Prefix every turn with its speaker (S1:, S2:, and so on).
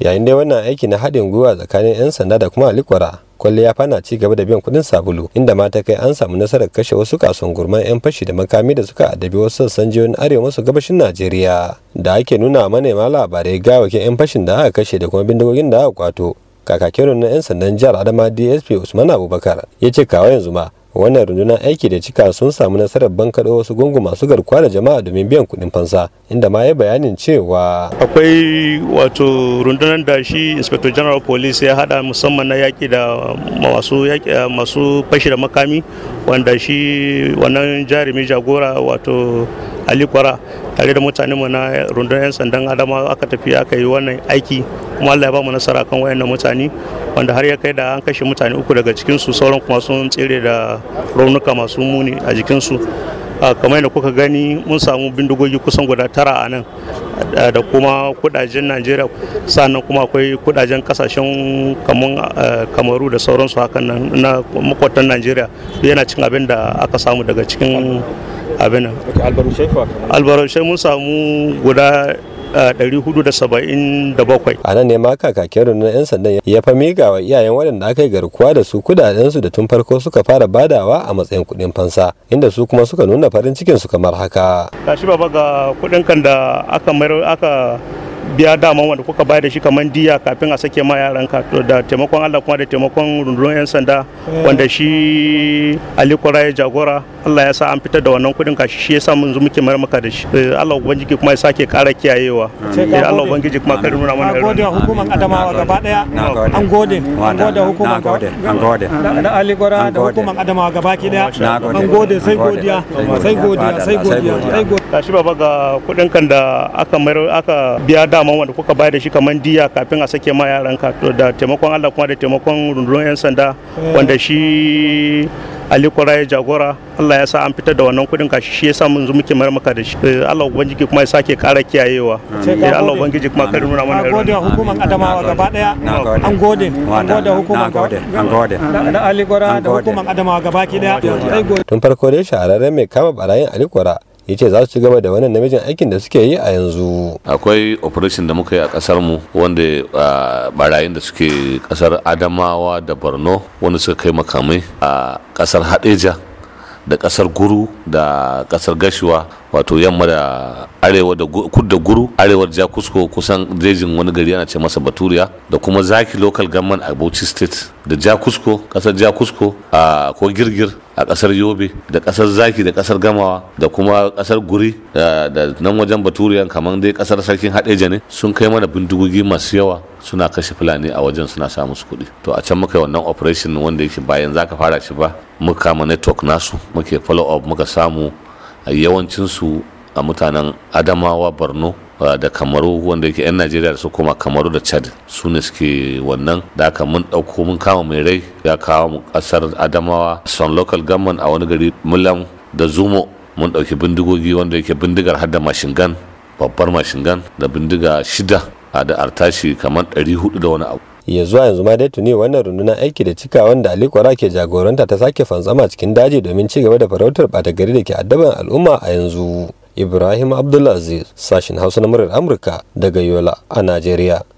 S1: yayin dai wannan aiki na haɗin gwiwa tsakanin 'yan sanda da kuma alikwara kwalle ya fana ci gaba da biyan kuɗin sabulu inda mata kai an samu nasarar kashe wasu kasuwan gurman 'yan fashi da makami da suka adabi wasu sassan jiyoyin arewa masu gabashin najeriya da ake nuna manema labarai gawakin 'yan fashin da aka kashe da kuma bindigogin da aka kwato kakakin na 'yan sandan jihar adama dsp usman abubakar ya ce kawai yanzu ma wannan rundunar aiki da cika sun samu nasarar bankaɗo wasu gungu masu garkuwa da jama'a domin biyan kuɗin fansa inda ma ya bayanin cewa
S2: akwai wato rundunar da shi inspector general police ya hada musamman na yaƙi da masu masu fashi da makami wanda shi wannan jarumi jagora wato ali kwara tare da mutane mu na rundunar 'yan sandan adama aka tafi aka yi wannan aiki kuma allah ya ba mu nasara kan wayannan mutane wanda har ya kai da an kashe mutane uku daga cikinsu sauran kuma sun tsere da raunuka masu muni a jikinsu ah, kamar yadda kuka gani mun samu bindigogi kusan guda tara a nan Eh, da kuma kudajen najeriya sannan kuma akwai kudajen kasashen eh, kamaru da sauransu hakan na makwatan najeriya yana cin abin da aka samu daga cikin abin albarushe mun samu guda 477 a nan
S1: ne ma kakakin rundunar 'yan sandan ya fa miga wa iyayen waɗanda aka yi garkuwa da su kudadensu da tun farko suka fara badawa a matsayin kuɗin fansa inda su kuma suka nuna farin cikin su kamar haka
S2: shi baba ga kuɗin kan da aka biya daman wanda kuka bayar da shi kamar diya kafin a sake ma yaranka da taimakon Allah kuma da taimakon rundunar 'yan sanda eh. wanda shi Ali Kwara ya jagora Allah ya sa an fitar da wannan kudin kashi shi ya sa mun zo muke mayar maka da shi eh, Allah ubangiji kuma ya sake ƙara kiyayewa eh, Allah ubangiji kuma ka nuna mana gode hukumar
S1: Adamawa gaba
S2: daya an gode an gode hukumar an gode
S1: da Ali Kwara da hukumar Adamawa gaba ki daya an gode sai godiya sai godiya sai godiya sai
S2: godiya kashi baba ga kudin kan da aka mayar aka biya da daman wanda kuka bayar da shi kamar diya kafin a sake ma yaran yaranka da taimakon Allah kuma da taimakon rundunar 'yan sanda eh. wanda shi aliko Kwara ya jagora Allah ya sa an fitar da wannan kudin kashi shi ya sa mun muke mayar maka da shi eh, Allah ubangiji kuma ya sake ƙara kiyayewa eh, Allah ubangiji kuma kar nuna mana rai gode hukumar Adamawa gaba daya
S1: an gode an gode hukumar an gode da aliko Kwara da hukumar Adamawa gaba ki daya tun farko dai shahararren mai kama barayin aliko Kwara ya ce za su gaba da wannan namijin aikin da suke yi
S3: a yanzu akwai operation da muka yi a kasar mu wanda barayin da suke kasar adamawa da borno wanda suka kai makamai a kasar hadeja da kasar guru da kasar gashiwa wato yamma da arewa da kud guru arewar jakusko kusan jejin wani gari ana ce masa baturiya da kuma zaki local government a bauchi state da jakusko kasar jakusko a ko girgir a kasar yobe da kasar zaki da kasar gamawa da kuma kasar guri da nan wajen baturiyan kamar dai kasar sarkin hadeja ne sun kai mana bindigogi masu yawa suna kashe fulani a wajen suna sa musu kuɗi to a can muka yi wannan operation wanda yake bayan zaka fara shi ba muka kama network nasu muke follow up muka samu a yawancinsu a mutanen adamawa borno Uh, da kamaru wanda yake 'yan najeriya da su koma kamaru da chad su ne suke wannan da aka mun ɗauko mun kama mai rai ya kawo mu ƙasar adamawa son local government a wani gari mulam da zumo mun ɗauki bindigogi wanda yake bindigar har da mashingan babbar mashingan da bindiga shida a da artashi kamar 400 da wani abu ya
S1: zuwa yanzu ma dai tuni wannan rundunar aiki da cika wanda Ali Kwara ke jagoranta ta sake fantsama cikin daji domin ci gaba da farautar bata gari da ke addaban al'umma a yanzu. Ibrahim Abdulaziz sashin Hausa na muryar Amurka daga Yola a Najeriya.